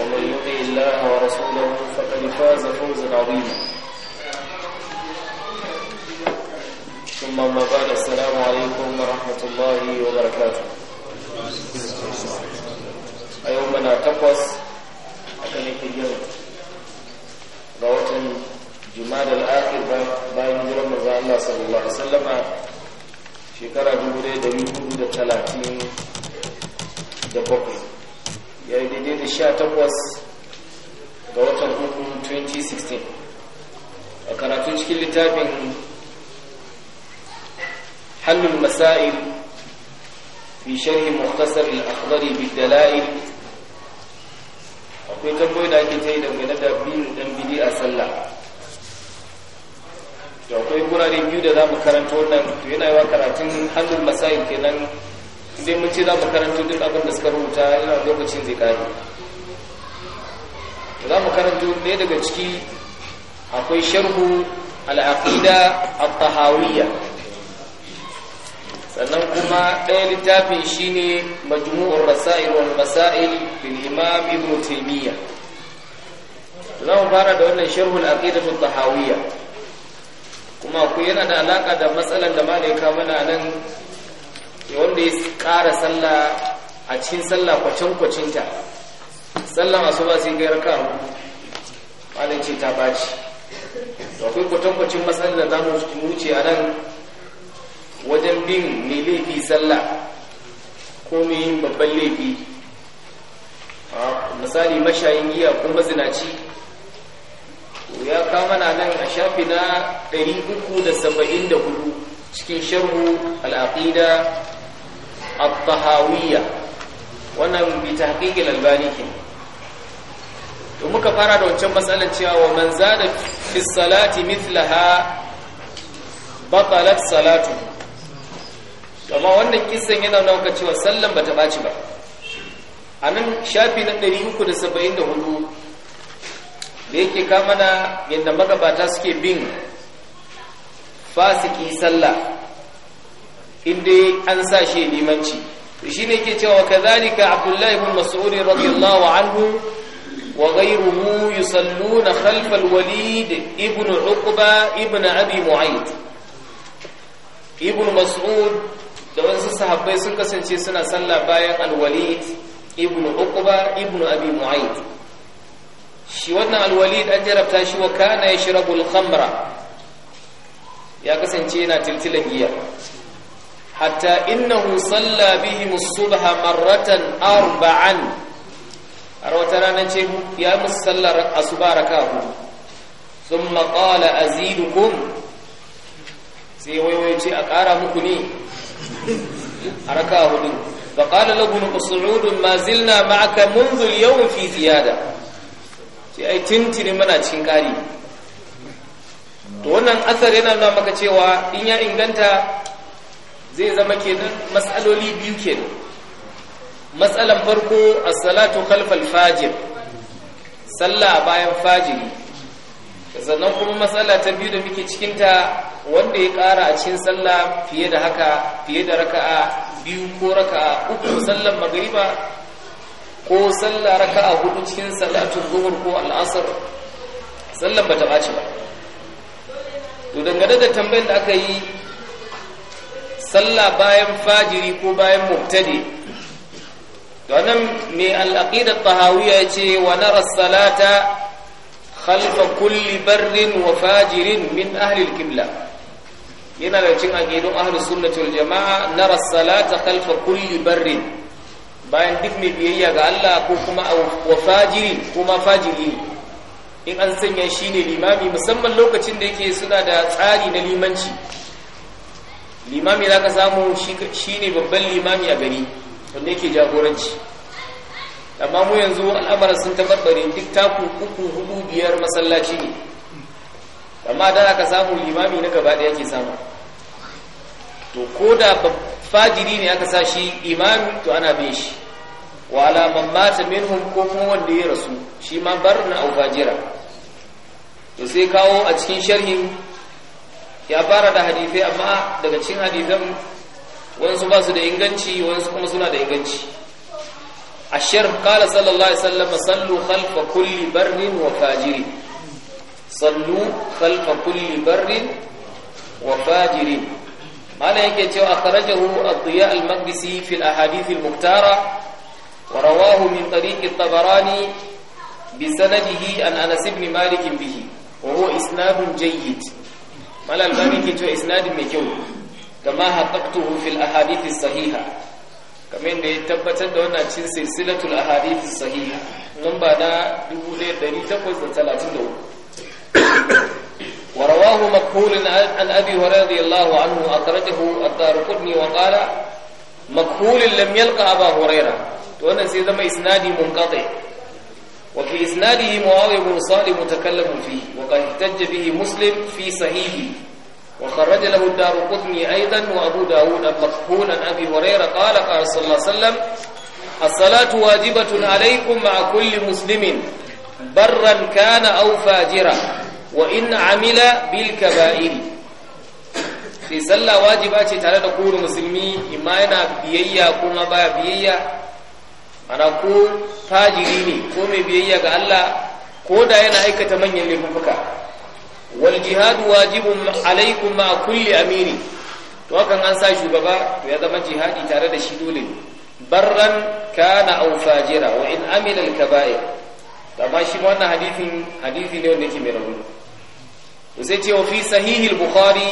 ومن يطع الله ورسوله فقد فاز فوزا عظيما ثم ما بعد السلام عليكم ورحمة الله وبركاته أيومنا تقوس أكن يكيجر غوتن جمال الآخر باين جرم رضا الله صلى الله عليه وسلم شكرا جمهوري دمي دا ثلاثين ya yi daidai da sha takwas ga watan uku 2016 a karatun cikin littafin hannun masa'il fi sharhi muhtasar al'akhdari bidala'il akwai tambayi da ake ta yi dangane da biyu dan bidi a sallah da akwai gurare biyu da za mu karanta wannan to yana yi karatun hannun masa'il kenan sai mun ce za mu karanto duk abin da suka rubuta yana lokacin zai kare za mu karanto ne daga ciki akwai sharhu al'aqida at-tahawiyya sannan kuma ɗaya littafin shine majmu'ur rasail wal masail bil imam ibn taymiyya za mu fara da wannan sharhu al'aqida at-tahawiyya kuma ku yana da alaka da matsalan da malai ka mana nan ya wanda ya kara sallah a cikin sallah kwacin-kwacinta masu ba sai ga yarka malin ce ta baci da akwai kwacin matsalar da zamu wuce a nan wajen bin mai laifi sallah ko mai yin babban laifi misali mashayin giya ko mazinaci ya kama na nan a shafi na 374 cikin sharhu al'aqida at tahawiyyah wannan bi tahqiqil albani ke to muka fara da wancan matsalar cewa wa man zada fi salati mithlaha batalat salatu amma wannan kisan yana nuna cewa sallan bata baci ba anan shafi na 374 da yake kamana yanda magabata suke bin fasiki sallah dai an sa shi limanci shi ne ke cewa kazalika abdullahi ibn mas'ud radiyallahu anhu wa ghayruhu yusalluna khalf al-walid ibn uqba ibn abi ibn mas'ud da wasu sahabbai sun kasance suna sallah bayan al-walid ibn uqba ibn abi shi wannan al-walid an jarabta shi wa kana yashrabu al-khamra ya kasance yana tiltilan giya hatta innahu salla bihim subha marratan arba'an har wata ce ya musu asuba raka hudu thumma qala azidukum sai waiwaye ce a ƙara muku ne a raka hudu fa منذ اليوم fi ziyada sai ai tintini muna cikin ƙari to wannan asar yana nuna maka cewa in ya inganta zai zama kenan matsaloli biyu kenan matsalan farko as-salatu khalfal fajir sallah bayan fajiri sannan kuma matsala ta biyu da muke cikin ta wanda ya ƙara a cikin sallah fiye da haka fiye da raka'a biyu ko raka'a uku sallan magriba ko sallah raka'a hudu cikin salatul zuhur ko al'asr sallan bata ɓaci ba to dangane da tambayar da aka yi sallah bayan fajiri ko bayan mubtadi to mai al-aqidat ya yace wa nara salata khalfa kulli barrin wa fajirin min ahli al-qibla yana da cikin aqidun ahli sunnati jamaa nara salata khalfa kulli barrin bayan duk mai biyayya ga Allah ko kuma wa fajirin kuma fajiri in an sanya shi ne limami musamman lokacin da yake suna da tsari na limanci limami za ka samu shi ne babban limami a gari wanda yake jagoranci amma mu yanzu al'amuran sun tabarbare duk taku uku hudu biyar masallaci ne amma da ka samu limami na gaba da ke samu to ko da fajiri ne aka sa shi imami to ana bin shi wa alaman mata minhum ko kuma wanda ya rasu shi ma bar na au to sai kawo a cikin sharhin ya fara da hadifai amma daga cikin hadifan wansu ba su da inganci wansu kuma suna da inganci Ashir qala sallallahu alaihi sallu khalfa kulli barrin wa fajiri sallu khalfa kulli barrin wa fajiri mana yake cewa akhrajahu ad-diya al-maqdisi fi al-ahadith al-muktara wa rawahu min tariq at-tabarani bi sanadihi an anas ibn malik bihi wa huwa isnadun jayyid malal zami ke cewa isnadin mai kyau kama haqqaqtuhu fil ahadith sahiha kamar da ya tabbatar da wannan cin silsilatul ahadith sahiha lamba na 1833 ورواه مكهول عن أبي هريرة رضي الله عنه أخرجه الدارقطني وقال مكهول لم يلقى أبا هريرة وأنا سيدما إسنادي منقطع وفي إسناده معاذ بن صالح متكلم فيه وقد احتج به مسلم في صحيحه وخرج له الدار قطني أيضا وأبو داود مقبول عن أبي هريرة قال قال صلى الله عليه وسلم الصلاة واجبة عليكم مع كل مسلم برا كان أو فاجرا وإن عمل بالكبائر في صلى واجبات تعالى تقول مسلمين إما أنا بيئة كما بيئة ana ko fajiri ne ko mai biyayya ga Allah ko da yana aikata manyan laifuka wal jihadu wajibun alaikum ma kulli amiri to hakan an sa shugaba to ya zama jihadi tare da shi dole ne barran kana aw fajira wa in amila al kaba'ir amma shi wannan hadisin hadithi ne wanda yake mai rauni to sai ce wa fi sahih al bukhari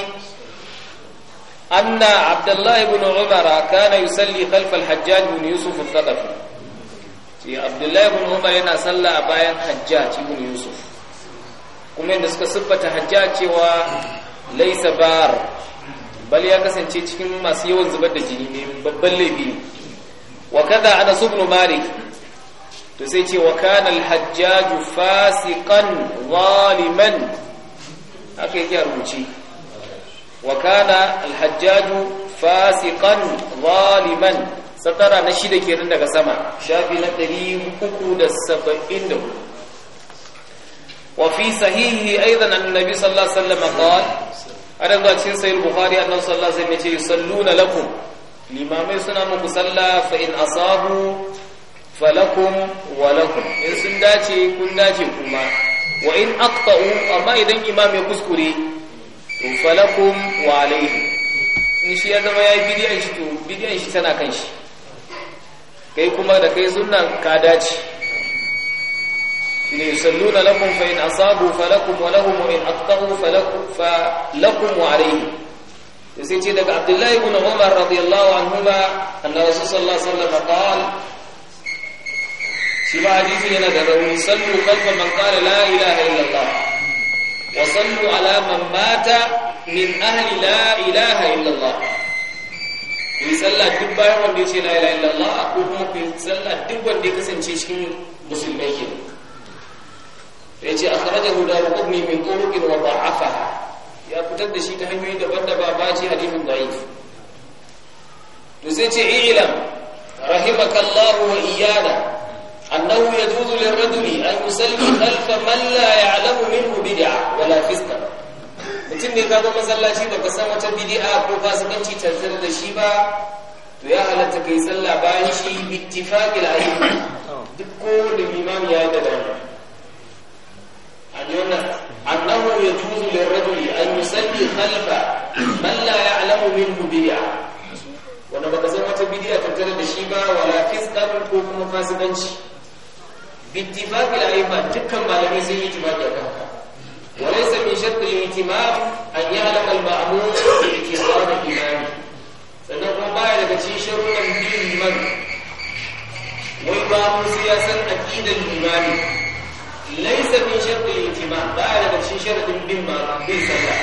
anna abdullah ibn umara kana yusalli khalf al hajjaj ibn yusuf al-thaqafi ce abdullahi ibn umar yana sallah a bayan hajjaj ibn yusuf kuma yadda suka siffata hajjacewa cewa laisa bar bal ya kasance cikin masu yawan zubar da jini ne babban laifi wa kada ana ibn malik to sai ce wa kana al fasiqan zaliman haka yake rubuci wa kana al fasiqan zaliman satara na shida kenan daga sama shafi na da وفي صحيحه ايضا ان النبي صلى الله عليه وسلم قال انا ذا cikin sahih Buhari annabi sallallahu alaihi ce yace yusalluna lakum limamai suna muku sallah fa in asabu falakum wa lakum in sun dace kun dace kuma wa in aqta'u amma idan imam ya kuskure to falakum wa alaihi in shi ya zama ya yi bid'an shi to bid'an shi tana kan shi kai kuma da kai sunan ka dace ne salluna lakum fa in asabu falakum wa lahum in aqta'u falakum fa lakum wa alayhi sai ce daga Abdullahi ibn Umar radiyallahu anhuma anna Rasul sallallahu alaihi wasallam qala shi ba hadisi yana da rawu sallu qalba man qala la ilaha illallah wa sallu ala man mata min ahli la ilaha illallah ku yi sallah duk bayan wanda ya ce la ilaha illallah ko kuma ku yi sallah duk wanda ya kasance cikin musulmai ke ya ce akhrajahu daru qudni min turuqin wa da'afaha ya fitar da shi ta hanyoyi daban-daban ba ce hadithin da'if to sai ce i'lam rahimakallahu wa iyana أنه يجوز للرجل أن يسلم خلف من لا يعلم منه bida wala فسقا mutum ne ka zo masallaci baka san wata bid'a ko fasikanci tantar da shi ba to ya halatta kai sallah bayan shi bittifaqil a'imma duk da imam ya ga da wannan an yana annahu yajuzu lirrajuli an yusalli khalfa man la ya'lamu minhu bid'a wanda baka san wata bid'a tattare da shi ba wala fisqan ko kuma fasikanci bittifaqil ba, dukkan malamai sun yi tibaki akan haka وليس من شرط الاهتمام أن يعلم المأمون باعتبار الإمام sannan kuma baya daga cikin sharuɗan bin liman wai ba mu siyasan aqidan limani laysa min shartil intima baya daga cikin sharuɗin bin ma bin sallah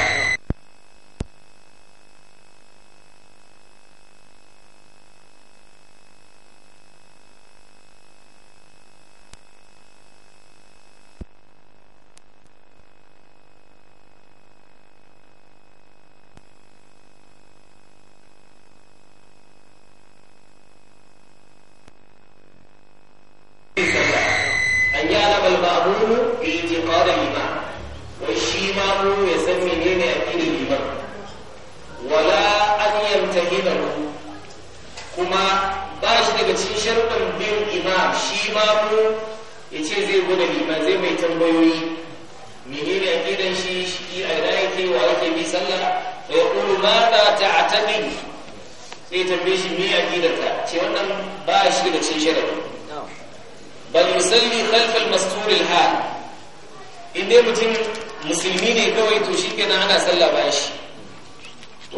musulmi ne kawai to shi kenan ana sallah bayan shi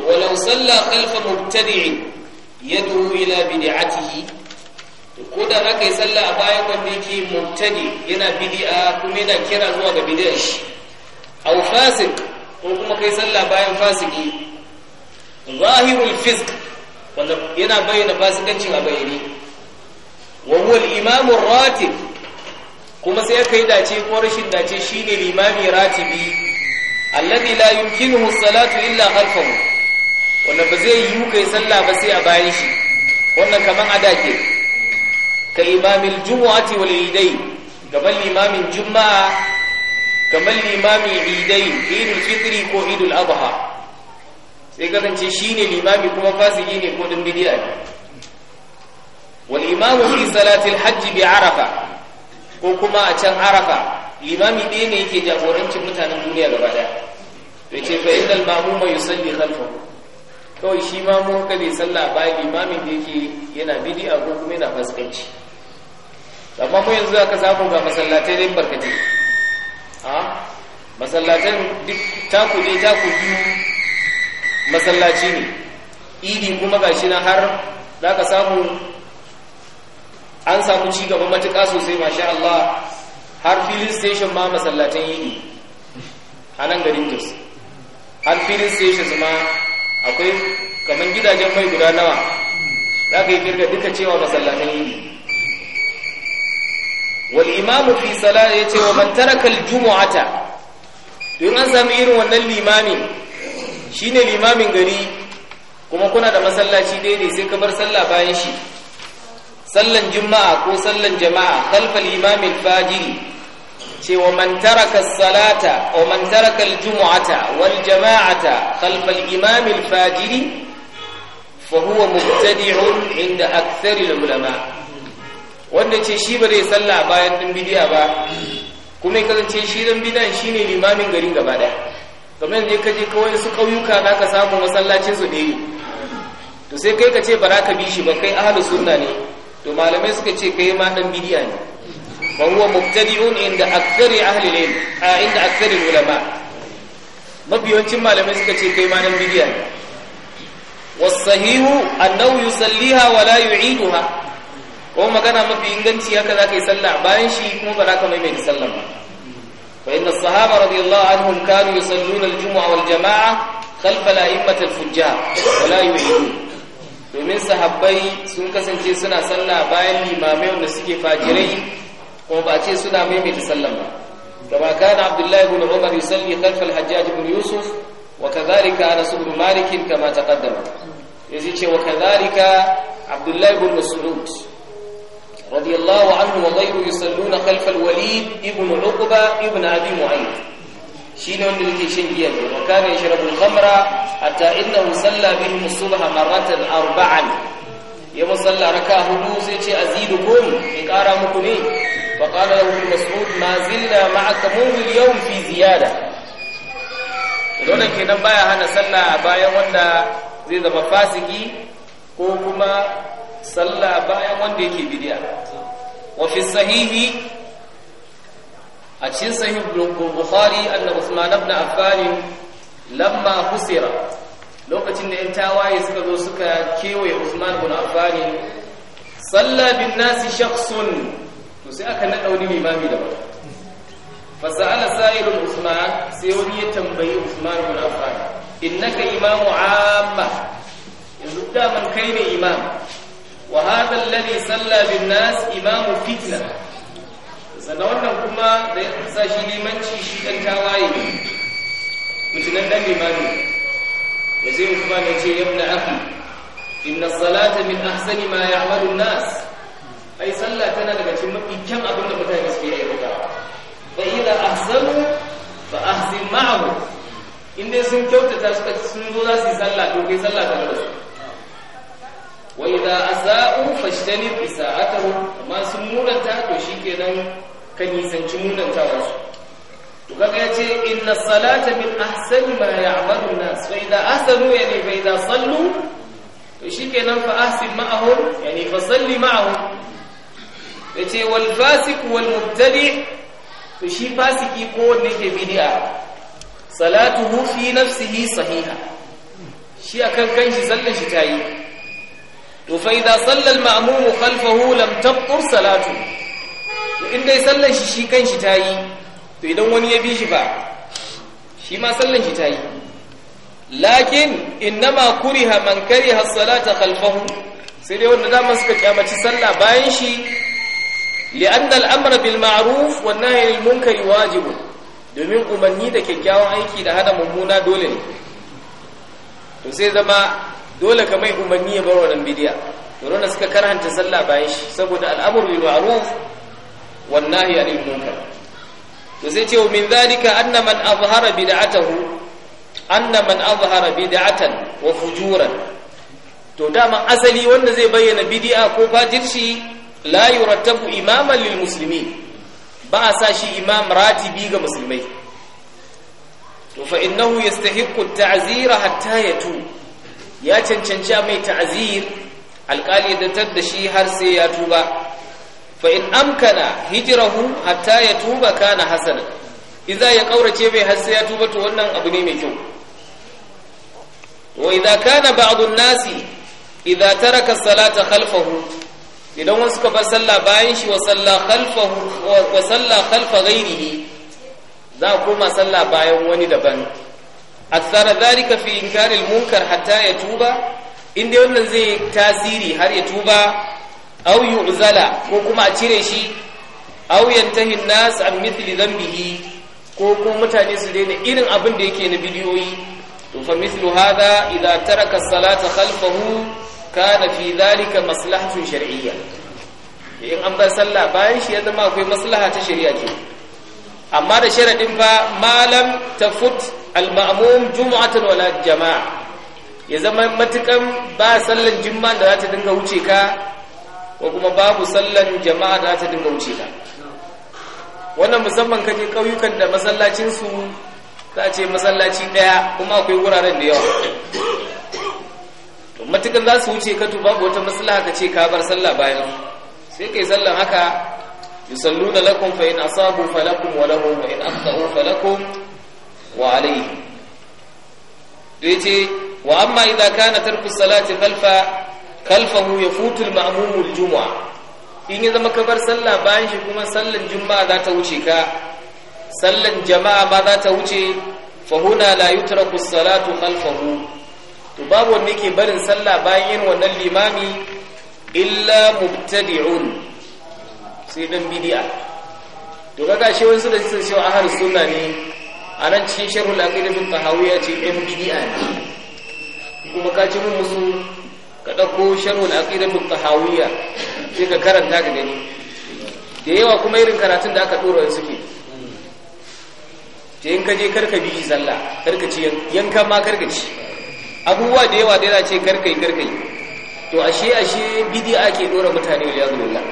walau sallah khalfa mubtadi'in yad'u ila bid'atihi ko da haka yi sallah a bayan wanda yake mubtadi yana bid'a kuma yana kira zuwa ga bid'a shi aw fasik ko kuma kai sallah bayan fasiki zahirul fisk wanda yana bayyana fasikancin a bayyane wa huwa al-imamu ratib kuma sai aka yi dace ko rashin dace shine limami ratibi alladhi la yumkinuhu salatu illa khalfahu wanda ba zai yi kai sallah ba sai a bayan shi wannan kaman ada ke ka imamil jumu'ati wal idai gaban limamin juma'a kamar limamin idai idul fitri ko idul adha sai kasance shine limami kuma fasiki ne ko dan bid'a ne wal imamu fi salati al hajj bi arafa ko kuma a can arafa limami ɗaya ne yake jagorancin mutanen duniya gaba ɗaya da ce fa innal ma'muma yusalli khalfahu kawai shi ma mu haka bai sallah bayan limamin da yake yana a ko kuma yana fasikanci amma ko yanzu aka samu ga masallatai dai barkati a masallatan duk taku ne taku biyu masallaci ne idi kuma gashi na har zaka samu an samu ci gaba matuƙa sosai mashi Allah har filin station ma masallatan yi ne, a nan garin Jos har filin su ma akwai kamar gidajen mai guda nawa za ka yi kirga duka cewa masallatan yi wal imamu fi sala ya ce wa man taraka al-jumu'ata don an sami irin wannan limamin shine limamin gari kuma kuna da masallaci daidai sai ka bar sallah bayan shi sallan juma'a ko sallan jama'a khalfal imamil fajiri wa man taraka salata wa man taraka al-jum'ata wal jama'ata khalfal al fajiri fa huwa mubtadi'un inda akthar al ulama' wanda ce shi bare salla bayan din bidiya ba kuma ya kasance shi ɗin bidan shine limamin garin gaba ɗaya kamar yadda kaje kawai su kauyuka za ka samu masallacin su ɗaya to sai kai kace baraka bishi ba kai ahalu sunna ne to malamai suka ce kai ma dan bid'a ne wa huwa mubtadi'un inda akthari ahli al-ilm a inda akthari ulama mabiyancin malamai suka ce kai ma dan bid'a ne wasahihu annahu yusalliha wa la yu'iduha ko magana mafi inganci haka zaka yi sallah bayan shi kuma ba za ka maimaita sallah ba fa inna sahaba radiyallahu anhum kanu yusalluna al-jumu'a wal jama'a khalfa al-a'immat al-fujjar wa la yu'idun domin sahabbai sun kasance suna sallah bayan limamai wanda suke fajirai kuma ba ce suna maimaita sallah ba kama kana abdullahi ibn umar yusalli khalf al-hajjaj ibn yusuf wa kadhalika anas ibn malik kama taqaddama yace ce wa kadhalika abdullahi ibn mas'ud radiyallahu anhu wa ghayru yusalluna khalf al-walid ibn uqba ibn abi mu'ayyid ne wanda yake shan giyan wa kana yashrabu al-khamra hatta innahu salla bihim subha marratan arba'an ya musalla raka hudu sai ce azidukum in kara muku ne fa qala lahu mas'ud ma zilna ma'aka mundu yawm fi ziyada dole kenan baya hana sallah bayan wanda zai zama fasiki ko kuma sallah bayan wanda yake bid'a wa fi sahihi a cikin sahih bukhari anna usman ibn affan lamma husira lokacin da yan tawaye suka zo suka kewaye usman ibn affan salla bin nasi shakhsun to sai aka nada wani limami da ba fa sa'ala sa'ilun usman sai wani ya tambayi usman ibn affan innaka imamu amma yanzu da daman kai ne imam wa hadha alladhi salla bin nas imamu fitna sannan wannan kuma da ya sa shi limanci shi ɗan tawaye mutunan ɗan limami da zai kuma ne ce yabna aki inna salata min ahsani ma ya ya'malu nas ai sallah tana daga cikin mafi kyan abin da mutane suke yi daga fa idza ahsanu fa ahsin ma'ahu in dai sun kyautata suka sun zo za su yi sallah to kai sallah tare da su wa idza asa'u fashtani bi sa'atuhum amma sun munanta to shikenan ka nisanci munantawa su to kaga yace inna salata min ahsani ma ya ya'malu nas fa idza ahsanu yani fa idza sallu to shikenan fa ahsin ma'ahum yani fa salli Ya ce wal fasik wal mubtadi to shi fasiki ko wanda yake Salatu hufi na nafsihi sahiha shi a kan kanshi sallan shi ta yi. to fa idza salla al ma'mum khalfahu lam tabqur Salatu. in dai sallan shi shi kan shi ta yi to idan wani ya bi shi ba shi ma sallan shi ta yi lakin innama kuriha man kariha as-salata khalfahu sai dai wanda dama suka kyamaci sallah bayan shi li'anna al-amra bil ma'ruf wan nahy anil munkari domin umarni da kyakkyawan aiki da hada mummuna dole ne to sai zama dole ka mai umarni ya bar wannan bidiya to suka karanta sallah bayan shi saboda al-amru bil ma'ruf wan nahi anil munkar to sai ce min zalika anna man azhara bid'atahu man azhara bid'atan wa fujuran to dama asali wanda zai bayyana bidi'a ko fajirci la yurattabu imaman lil muslimin ba a sa shi imam ratibi ga musulmai to fa innahu yastahiqqu at-ta'zira hatta yatu ya cancanci mai ta'zir alƙali da tadda shi har sai ya tuba fa in amkana hijrahu hatta ya tuba kana hasana idza ya ƙaurace bai har sai ya tuba to wannan abu ne mai kyau wa idza kana ba'd nasi idza taraka salata khalfahu idan wasu ka bar sallah bayan shi wa sallah khalfahu wa khalfa ghairihi za a koma sallah bayan wani daban akthara dhalika fi inkaril munkar hatta ya tuba inda wannan zai tasiri har ya tuba aw yu'zala ko kuma a cire shi aw yantahi an-nas an mithli dhanbihi ko kuma mutane su daina irin abin da yake na bidiyoyi to fa mithlu hadha idha taraka as-salata khalfahu kana fi dhalika maslahatun shar'iyya in an bar sallah bayan shi ya zama akwai maslaha ta shari'a ce amma da sharadin fa malam tafut al-ma'mum jumu'atan wala jama'a ya zama matukan ba sallan jumma da za ta dinga wuce ka ko kuma babu sallan jama'a da ta dinga wuce ta wannan musamman kake kauyukan da masallacin su za ce masallaci daya kuma akwai wuraren da yawa to matukan za su wuce ka to babu wata maslaha ka ce ka bar sallah bayan sai kai sallan haka yusalluna lakum fa in asabu falakum wa lahum wa in akhtau falakum wa alayhi to yace wa amma idza kana tarku salati khalfa kalfahu ya futul ma'amumul juma'a in ya zama kabar sallah bayan shi kuma sallan juma'a za ta wuce ka sallan jama'a ba za ta wuce fahuna la yutraku salatu khalfahu to babu wanda yake barin sallah bayan yin wannan limami illa mubtadi'un sai dan bid'a to kaga shi wasu da suke a ahlus sunna ne anan cikin sharhul aqidah bin tahawiyya ce dan bid'a ne kuma ka ci mun musu ka ɗauko sharhul aqidatul tahawiyya sai ka karanta ga gani da yawa kuma irin karatun da aka dora suke ta in ka je karka bi zalla karka ci yanka ma karka ci abubuwa da yawa da yana ce karkai karkai to ashe ashe bid'a ke dora mutane wa yazullah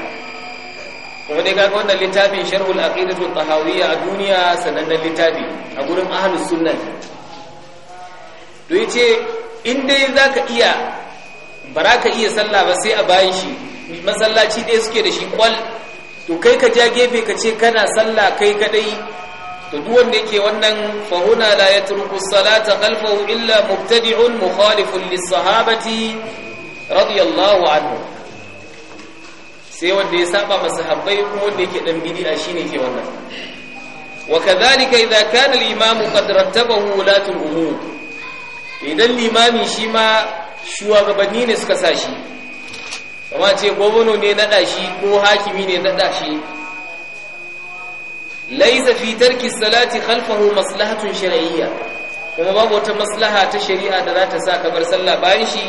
kuma dai kaga wannan littafin sharhul aqidatu tahawiyya a duniya sanannen littafi a gurin ahlus sunnah to yace in dai zaka iya ba za ka iya sallah ba sai a bayan shi masallaci ɗaya suke da shi kwal to kai ka ja gefe ka ce kana sallah kai kadai to duk wanda yake wannan fahuna la yatruku salata khalfahu illa mubtadi'un mukhalifun lis-sahabati radiyallahu anhu sai wanda ya saba masahabbai ko wanda yake dan bid'a shine ke wannan وكذلك إذا كان الإمام قد رتبه ولاة idan إذا shi ma. shugabanni ne suka sa shi kama ce gwamnati ne da shi ko hakimi ne da shi laisa fi tarki salati khalfahu maslahatun shar'iyya kuma babu wata maslaha ta shari'a da za ta sa kabar sallah bayan shi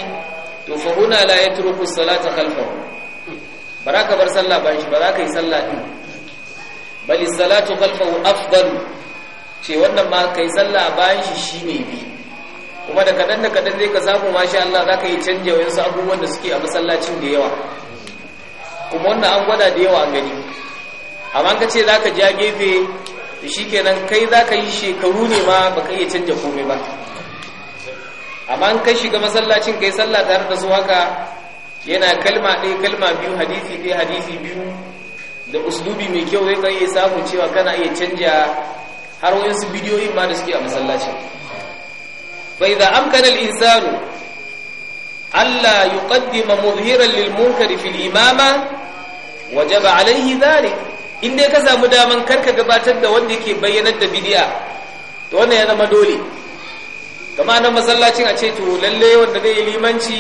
to fa huna la yatruku salata khalfahu baraka bar sallah bayan shi baraka yi sallah din bali salatu khalfahu afdal ce wannan ma kai sallah bayan shi shine bi kuma da kadan da kadan zai ka samu masha Allah za ka yi canje wayansu abubuwan da suke a masallacin da yawa kuma wannan an gwada da yawa an gani amma ka ce za ka ja gefe shi kenan kai za ka yi shekaru ne ma ba ka iya canja komai ba amma ka shiga masallacin kai sallah tare da su haka yana kalma ɗaya kalma biyu hadisi ɗaya hadisi biyu da uslubi mai kyau ya kan iya samu cewa kana iya canja har wayansu bidiyoyin ma da suke a masallacin fa idza amkana al-insanu alla yuqaddima mudhiran lil munkar fi al-imama wajaba alayhi dhalik inda ka samu daman karka gabatar da wanda yake bayyanar da bidiya, to wannan ya zama dole kama nan masallacin a ce to lalle wanda zai limanci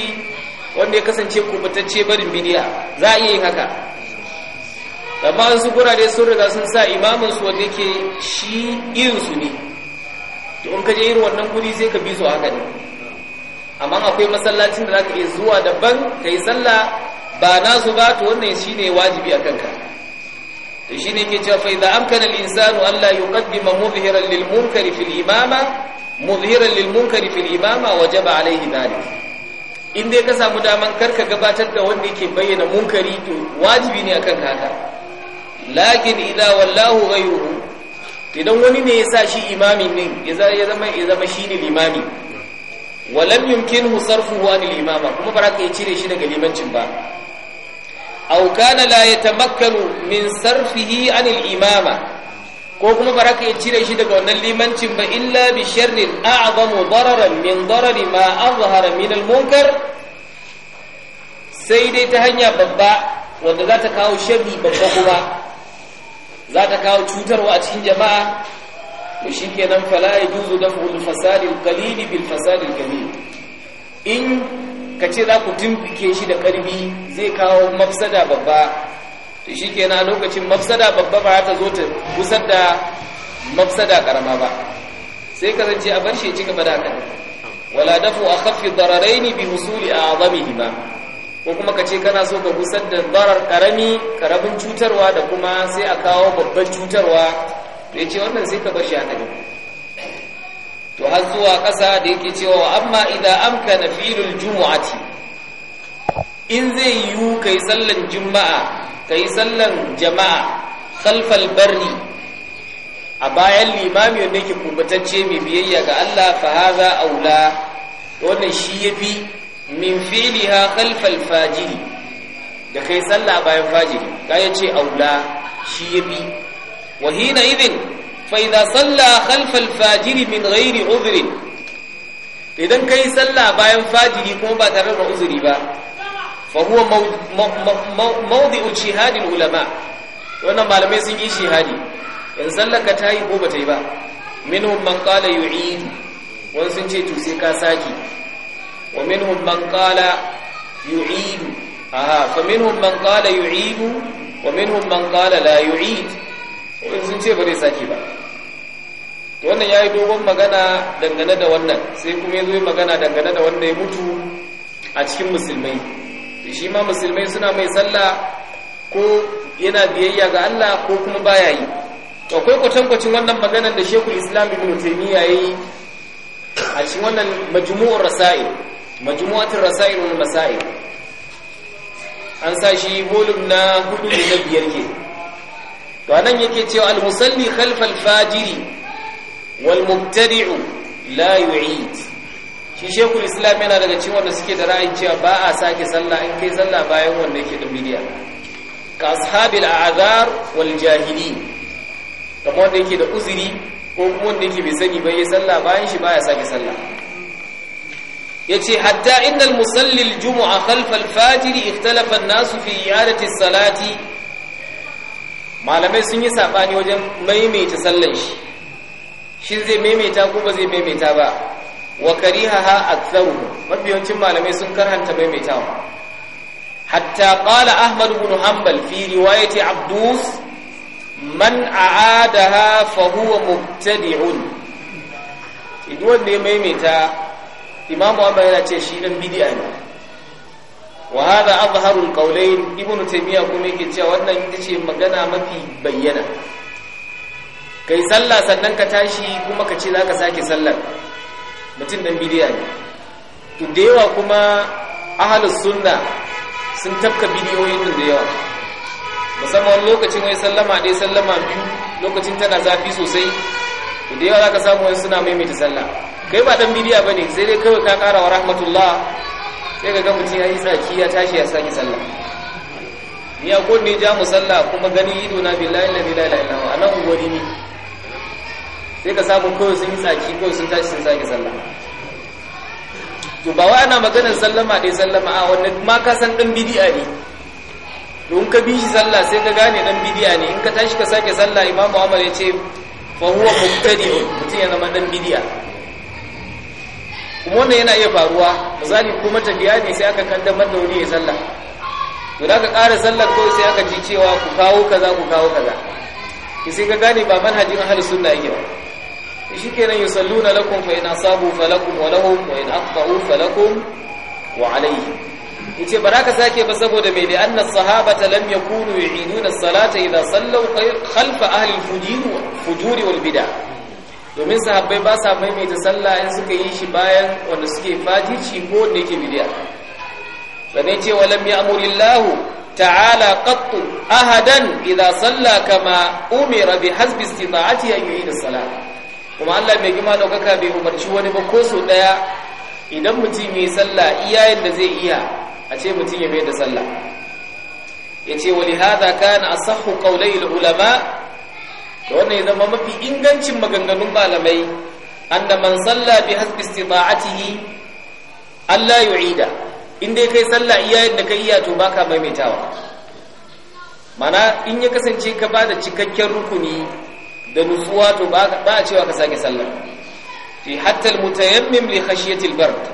wanda ya kasance kubutacce barin bidiya za a iya yin haka amma su gurare sun riga sun sa imamin su wanda ke shi irinsu ne to in ka je irin wannan guri sai ka bi su haka ne amma akwai masallacin da zaka iya zuwa daban yi sallah ba nasu ba to wannan ne wajibi a kanka shi shine ke cewa fa idza amkana al-insanu an la yuqaddima mudhiran lil munkari fil imama mudhiran lil munkari fil imama wajaba alayhi dhalik in dai ka samu daman karka gabatar da wanda yake bayyana munkari to wajibi ne akan haka lakin idza wallahu ghayruhu idan wani ne ya sa shi imamin ne ya zama ya zama shine limami walam yumkinhu sarfuhu an kuma ba ka cire shi daga limancin ba aw kana la yatamakkanu min sarfihi an imama ko kuma ba ka cire shi daga wannan limancin ba illa bi sharrin a'zamu dararan min darari ma azhara min al munkar sai dai ta hanya babba wanda za ta kawo sharri babba kuma za ta kawo cutarwa a cikin jama'a to shi ke fala ya juzu da fuhul fasadin kalili bil fasadin kalili in ka ce za ku tumfike shi da karbi zai kawo mafsada babba to shi ke kenan lokacin mafsada babba ba ta zo ta kusar da mafsada karama ba sai ka zance a bar shi cika gaba da haka wala dafu akhaffi dararaini bi husuli ba. ko kuma ka ce kana so ka gusar da barar karami karamin cutarwa da kuma sai a kawo babban cutarwa ya ce wannan sai ka bashi a nan to har zuwa ƙasa da yake cewa amma idan na filin jumu'ati in zai yiwu yi sallan juma'a yi sallan jama'a kalfal bari. a bayan limami wanda yake kumbatacce mai biyayya ga Allah fa aula wannan shi yafi min filiha khalfal fajiri da kai sallah bayan fajiri ka yace aula shi yabi wa hina idin fa idza salla khalfal fajiri min ghairi udhri idan kai sallah bayan fajiri kuma ba tare da uzuri ba fa huwa mawdi'u jihadil ulama wannan malamai sun yi shihadi in sallaka tayi ko bata yi ba minhum man qala yu'id wani sun ce to sai ka saki wa minhum man qala yu'idu aha fa minhum man qala yu'idu wa minhum man qala la yu'id wani sun ce ba zai ba to wannan yayi dogon magana dangane da wannan sai kuma yazo magana dangane da wanda ya mutu a cikin musulmai shi ma musulmai suna mai sallah ko yana biyayya ga Allah ko kuma baya yi to akwai kwatankwacin wannan maganar da Sheikhul Islam Ibn Taymiyyah yayi a cikin wannan majmu'ur rasail majmu'atul rasail wal masail an sa shi na hudu da biyar ke to anan yake cewa al musalli khalf al fajiri wal mubtadi'u la yu'id shi shekul islam yana daga cikin wanda suke da ra'ayin cewa ba a sake sallah in kai sallah bayan wanda yake da bidiya ka ashabil a'zar wal jahili kamar wanda yake da uzuri ko kuma wanda yake bai sani ba yayin sallah bayan shi baya sake sallah yace hatta innal musalli aljum'a khalfa alfajiri ikhtalafa an-nas fi i'adati salati malamai sun yi sabani wajen maimaita sallan shi shin zai maimaita ko ba zai maimaita ba wa karihaha aktharu mafiyancin malamai sun karhanta maimaitawa hatta qala ahmad ibn hanbal fi riwayati abdus man a'adaha fa huwa mubtadi'un idan wanda ya maimaita imamu amma yana ce shi dan bid'a ne wa hada azharul alqawlayn ibnu taymiya kuma yake cewa wannan ita ce magana mafi bayyana kai sallah sannan ka tashi kuma ka ce zaka sake sallar mutum dan bid'a ne to da yawa kuma ahlus sunna sun tafka bidiyoyin da yawa musamman lokacin wai sallama dai sallama biyu lokacin tana zafi sosai to da yawa zaka samu wani suna maimaita sallah kai ba dan bidiya bane sai dai kawai ka ƙara wa rahmatullah sai ka ga gamu ya yi tsaki ya tashi ya saki sallah ni ya kodi ja mu sallah kuma gani ido na billahi la ilaha illa allah ana ungwani ne sai ka samu kawai sun yi tsaki kawai sun tashi sun saki sallah to ba wa ana maganar sallama dai sallama a wanda ma ka san dan bidiya ne don ka bi shi sallah sai ka gane dan bidiya ne in ka tashi ka sake sallah imam Muhammad ya ce fa huwa mubtadi mutum ya zama dan bidiya kuma wannan yana iya faruwa misali ko matafiya ne sai aka kan damar da wani ya sallah to da ka ƙara sallar ko sai aka ji cewa ku kawo kaza ku kawo kaza ki sai ka gane ba manhajin ahlus sunna yake ba shikenan yusalluna lakum fa in asabu falakum wa lahum wa in aqta'u falakum wa alayhi yace baraka sake ba saboda mai da annas sahabata lam yakunu yu'iduna as-salata idha sallu khalfa ahli al-fujur wal bid'ah domin sahabbai ba sa maimaita sallah in suka yi shi bayan wanda suke fatici ko wanda yake bidiya sane ce lam ya'murillahu ta'ala qattu ahadan idza salla kama umira bi hasbi istita'ati an yu'ida salat kuma Allah bai gima daukaka bai umarci wani ba ko so daya idan mutum yi sallah iyayen da zai iya a ce mutum ya mai da sallah yace a kana asahhu qawlai ulama da wannan ya zama mafi ingancin maganganun malamai anna man salla bi hasbi istita'atihi Allah yu'ida in dai kai sallah iya yadda kai iya to baka maimaitawa mana in ya kasance ka bada cikakken rukuni da nutsuwa to ba a cewa ka sake sallah fi hatta almutayammim li khashyati albard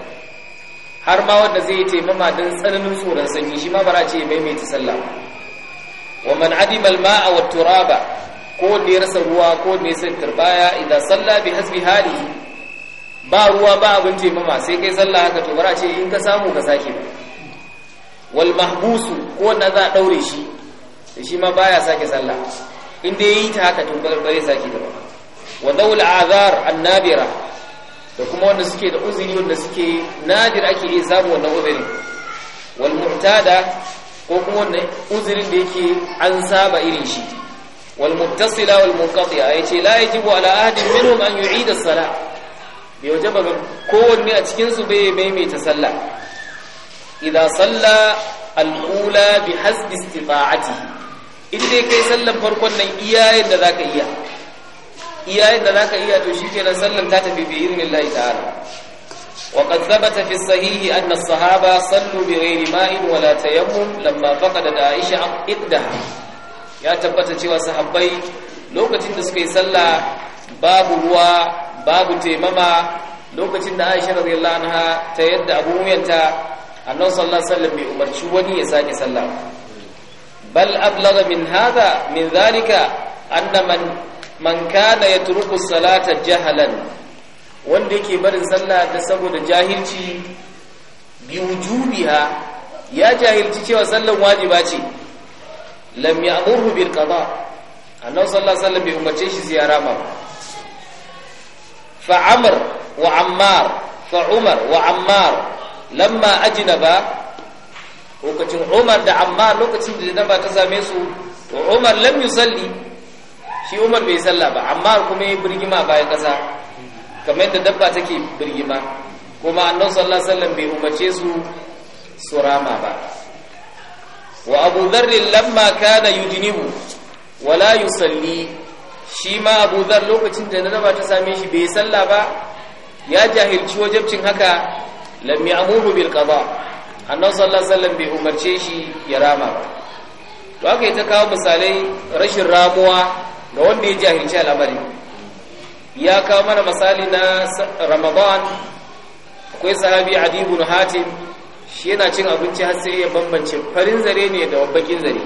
har ma wanda zai yi taimama dan tsananin tsoron sanyi shi ma ba a ce maimaita sallah wa man adima alma'a wat turaba ko ya rasa ruwa ko ne sai turbaya idan salla bi hasbi hali ba ruwa ba abin mama sai kai salla haka to bara ce in ka samu ka sake wal mahbusu ko na za daure shi shi ma baya sake salla in dai yi ta haka to bare sake da ba wa dawul azar annabira da kuma wanda suke da uzuri wanda suke nadir ake iya samu wannan uzurin wal mu'tada ko kuma wannan uzurin da yake an saba irin shi wal muttasila wal munqati'a yace la yajibu ala ahadin minhum an yu'ida as-salah bai wajaba kowanne a cikin su bai maimaita sallah idza salla al-ula bi hasbi istita'atihi inda kai sallan farkon nan iyayen da zaka iya iyayen da zaka iya to shikenan sallan ta tafi bi idnillahi ta'ala وقد sahihi anna الصحيح أن الصحابة صلوا بغير ماء ولا تيمم لما فقدت عائشة ya tabbata cewa sahabbai lokacin da suka yi sallah babu ruwa babu taimama lokacin da Aisha radiyallahu anha ta yadda abu wuyanta annabi sallallahu alaihi wasallam bai umarci wani ya sake sallah bal ablagha min hadha min zalika anna man man kana yatruku salata jahalan wanda yake barin sallah da saboda jahilci bi wujubiha ya jahilci cewa sallan wajiba ce lam ya'murhu bil qada annabi sallallahu alaihi wasallam bai umarce shi ziyara ba fa amr wa ammar fa umar wa ammar lamma ajnaba lokacin umar da ammar lokacin da janaba ta same su to umar lam yusalli shi umar bai salla ba ammar kuma ya birgima bayan kasa kamar yadda dabba take birgima kuma annabi sallallahu alaihi wasallam bai umarce su surama ba wa abu zarrin lamma kana wa wala yusalli shi ma abu zar lokacin da nazaba ta same shi bai salla ba ya jahilci wajabcin haka lam ya'muru bil qada annabi sallallahu alaihi wasallam bai umarce shi ya rama ba to haka ita kawo misalai rashin ramuwa ga wanda ya jahilci al'amari ya kawo mana misali na ramadan akwai sahabi adibu na hatim shi yana cin abinci har sai ya bambance farin zare ne da bakin zare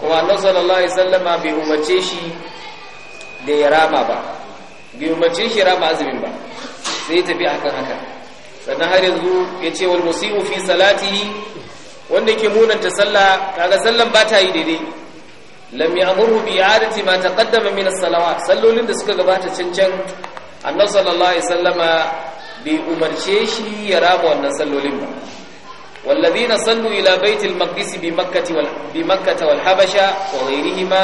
kuma Allah sallallahu alaihi wasallama bai umarce shi da ya rama ba bai umarce shi rama azumin ba sai ya tafi akan haka sannan har yanzu ya ce wal musibu fi salatihi wanda ke munanta sallah kaga sallan ba ta yi daidai lam ya'muru bi i'adati ma taqaddama min as-salawat sallolin da suka gabata cancan annabi sallallahu alaihi wasallama bai umarce shi ya rama wannan sallolin ba والذين صلوا إلى بيت المقدس بمكة, وال... بمكة والحبشة وغيرهما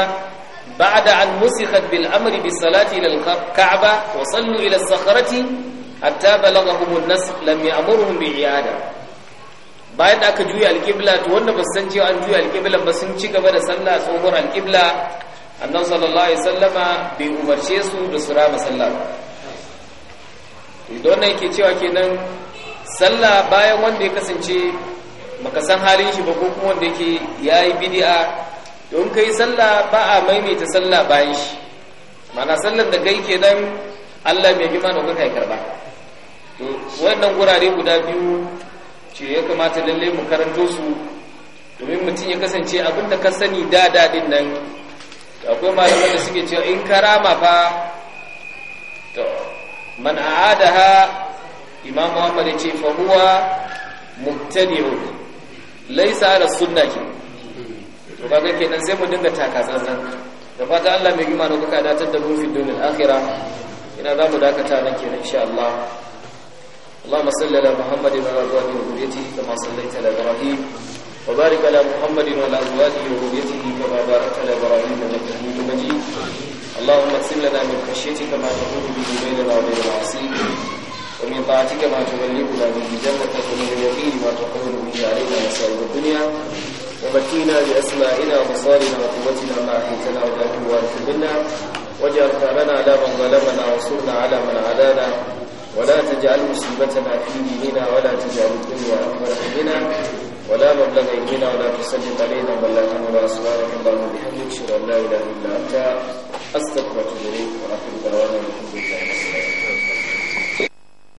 بعد أن مسخت بالأمر بالصلاة إلى الكعبة وصلوا إلى الصخرة حتى بلغهم النسخ لم يأمرهم بإعادة bayan da aka juya alƙibla to wanda ba san cewa an juya alƙibla ba sun ci gaba da sallah tsohon alƙibla annabi sallallahu alaihi sallama bai umarce su da su rama sallah to don yake cewa kenan sallah bayan wanda ya kasance baka san halin shi ba ko kuma wanda yake yayi bid'a don kai sallah ba a maimaita sallah bayan shi mana sallar da kai ke kenan Allah mai gima da kai karba to wannan gurare guda biyu ce ya kamata lalle mu karanto su domin mutum ya kasance abin da ka sani da dadin nan akwai malamai da suke cewa in karama fa to man a'adaha imam Muhammad ya ce fa huwa mubtadi'un laisa ala sunna ki to kenan sai mu dinga taka tsantsan da fata Allah mai gima da kuka datar da mu fi dunin akhira ina za mu dakata nan kenan insha Allah اللهم صل على محمد وعلى ازواجه وذريته كما صليت على ابراهيم وبارك على محمد وعلى ازواجه وذريته كما باركت على ابراهيم انك حميد مجيد اللهم اقسم لنا من خشيتك ما تحول به بيننا وبين المعصيه ومن طاعتك ما تبلغنا به جنة ومن اليقين ما تقول به علينا مصائب الدنيا ومكينا بأسمائنا وبصارنا وقوتنا ما أحيتنا ولا تورث منا واجعل ثأرنا على من ظلمنا وانصرنا على من عادانا ولا تجعل مصيبتنا في ديننا ولا تجعل الدنيا أكبر همنا ولا مبلغ علمنا ولا تسلط علينا بل لا تمر أسرارك اللهم بحمدك اشهد ان لا اله الا انت استغفرك اليك واخر دعوانا بحمد الله